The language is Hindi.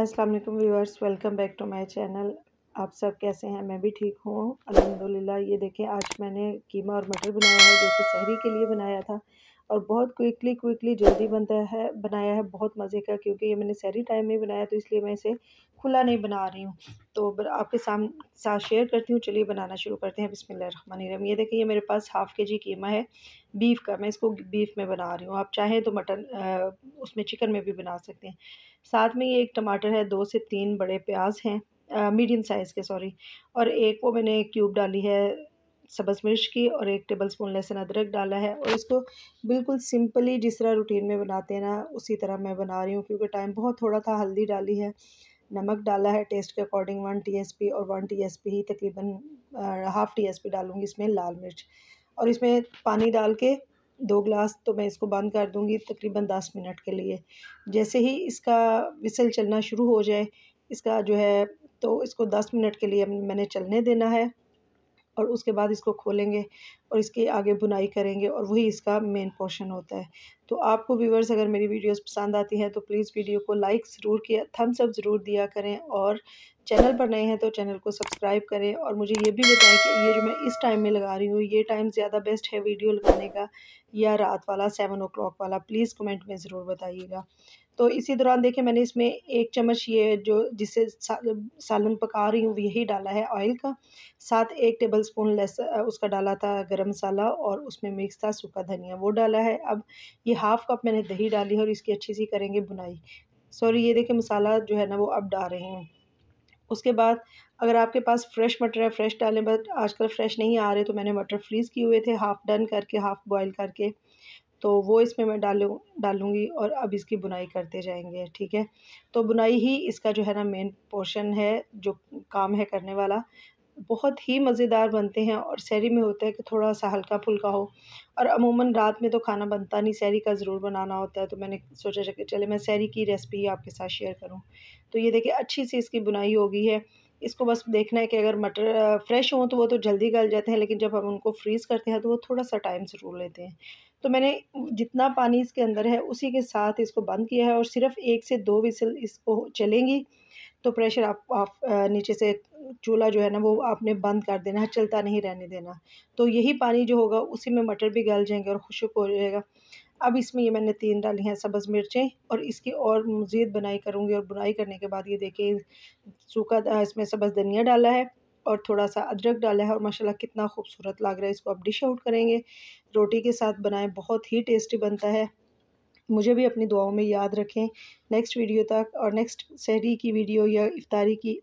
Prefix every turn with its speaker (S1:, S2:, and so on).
S1: अस्सलाम वालेकुम viewers welcome back to my channel आप सब कैसे हैं मैं भी ठीक हूँ अल्हम्दुलिल्लाह ये देखें आज मैंने कीमा और मटर बनाया है जो कि शहरी के लिए बनाया था और बहुत क्विकली क्विकली जल्दी बनता है बनाया है बहुत मज़े का क्योंकि ये मैंने शहरी टाइम में बनाया तो इसलिए मैं इसे खुला नहीं बना रही हूँ तो आपके साम साथ शेयर करती हूँ चलिए बनाना शुरू करते हैं बिसमीम ये देखिए ये मेरे पास हाफ़ के जी कीमा है बीफ का मैं इसको बीफ में बना रही हूँ आप चाहें तो मटन उसमें चिकन में भी बना सकते हैं साथ में ये एक टमाटर है दो से तीन बड़े प्याज हैं मीडियम साइज़ के सॉरी और एक वो मैंने क्यूब डाली है सब्ज़ मिर्च की और एक टेबल स्पून लहसुन अदरक डाला है और इसको बिल्कुल सिंपली जिस तरह रूटीन में बनाते हैं ना उसी तरह मैं बना रही हूँ क्योंकि टाइम बहुत थोड़ा था हल्दी डाली है नमक डाला है टेस्ट के अकॉर्डिंग वन टीएसपी और वन टीएसपी ही तकरीबन हाफ़ टी पी डालूंगी इसमें लाल मिर्च और इसमें पानी डाल के दो ग्लास तो मैं इसको बंद कर दूंगी तकरीबन दस मिनट के लिए जैसे ही इसका विसल चलना शुरू हो जाए इसका जो है तो इसको दस मिनट के लिए मैंने चलने देना है और उसके बाद इसको खोलेंगे और इसकी आगे बुनाई करेंगे और वही इसका मेन पोर्शन होता है तो आपको व्यूवर्स अगर मेरी वीडियोस पसंद आती हैं तो प्लीज़ वीडियो को लाइक ज़रूर किया थम्स अप ज़रूर दिया करें और चैनल पर नए हैं तो चैनल को सब्सक्राइब करें और मुझे ये भी बताएं कि ये जो मैं इस टाइम में लगा रही हूँ ये टाइम ज़्यादा बेस्ट है वीडियो लगाने का या रात वाला सेवन ओ वाला प्लीज़ कमेंट में ज़रूर बताइएगा तो इसी दौरान देखें मैंने इसमें एक चम्मच ये जो जिससे सालन पका रही हूँ यही डाला है ऑयल का साथ एक टेबल स्पून लेस उसका डाला था गर्म मसाला और उसमें मिक्स था सूखा धनिया वो डाला है अब ये हाफ़ कप मैंने दही डाली है और इसकी अच्छी सी करेंगे बुनाई सॉरी ये देखें मसाला जो है ना वो अब डाल रही हूँ उसके बाद अगर आपके पास फ्रेश मटर है फ्रेश डालें बट आजकल फ्रेश नहीं आ रहे तो मैंने मटर फ्रीज़ किए हुए थे हाफ़ डन करके हाफ़ बॉयल करके तो वो इसमें मैं डालू डालूँगी और अब इसकी बुनाई करते जाएंगे ठीक है तो बुनाई ही इसका जो है ना मेन पोर्शन है जो काम है करने वाला बहुत ही मज़ेदार बनते हैं और सैरी में होता है कि थोड़ा सा हल्का फुल्का हो और अमूमन रात में तो खाना बनता नहीं सैरी का ज़रूर बनाना होता है तो मैंने सोचा कि चले मैं सैरी की रेसिपी आपके साथ शेयर करूँ तो ये देखिए अच्छी सी इसकी बुनाई हो गई है इसको बस देखना है कि अगर मटर फ्रेश हो तो वो तो जल्दी गल जाते हैं लेकिन जब हम उनको फ्रीज़ करते हैं तो वो थोड़ा सा टाइम ज़रूर लेते हैं तो मैंने जितना पानी इसके अंदर है उसी के साथ इसको बंद किया है और सिर्फ एक से दो विसल इसको चलेंगी तो प्रेशर आप, आप नीचे से चूल्हा जो है ना वो आपने बंद कर देना है चलता नहीं रहने देना तो यही पानी जो होगा उसी में मटर भी गल जाएंगे और खुशक हो जाएगा अब इसमें ये मैंने तीन डाली हैं सब्ज़ मिर्चें और इसकी और मज़ीद बनाई करूँगी और बुनाई करने के बाद ये देखें सूखा इसमें सब्ज़ धनिया डाला है और थोड़ा सा अदरक डाला है और माशाल्लाह कितना खूबसूरत लग रहा है इसको आप डिश आउट करेंगे रोटी के साथ बनाएं बहुत ही टेस्टी बनता है मुझे भी अपनी दुआओं में याद रखें नेक्स्ट वीडियो तक और नेक्स्ट सहरी की वीडियो या इफ्तारी की